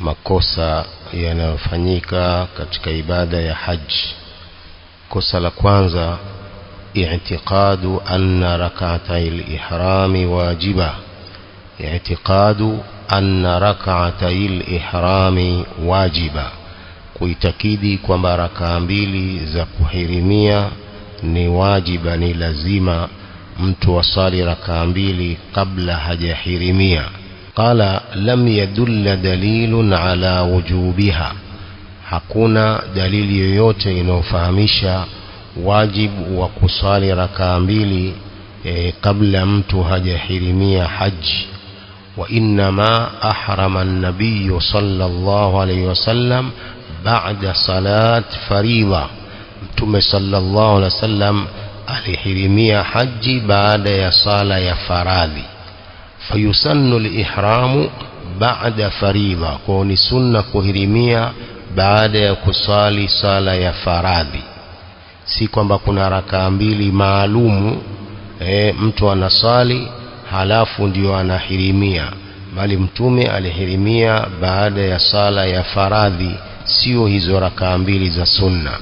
makosa yanayofanyika katika ibada ya haji kosa la kwanza i'tiqadu anna rak'atay al-ihram wajiba i'tiqadu anna rak'atay al-ihram wajiba kuitakidi kwamba rakaa mbili za kuhirimia ni wajiba ni lazima mtu wasali rakaa mbili kabla hajahirimia قال لم يدل دليل على وجوبها حقنا دليل يوت ينفهمش واجب وكصالي ركامبيلي إيه، قبل امتو حرمي حج وإنما أحرم النبي صلى الله عليه وسلم بعد صلاة فريضة ثم صلى الله عليه وسلم حرمي حج بعد صلاة فرادي fayusannu lihramu baada faridha kwao ni sunna kuhirimia baada ya kusali sala ya faradhi si kwamba kuna rakaa mbili maalumu e, mtu anasali halafu ndio anahirimia bali mtume alihirimia baada ya sala ya faradhi sio hizo rakaa mbili za sunna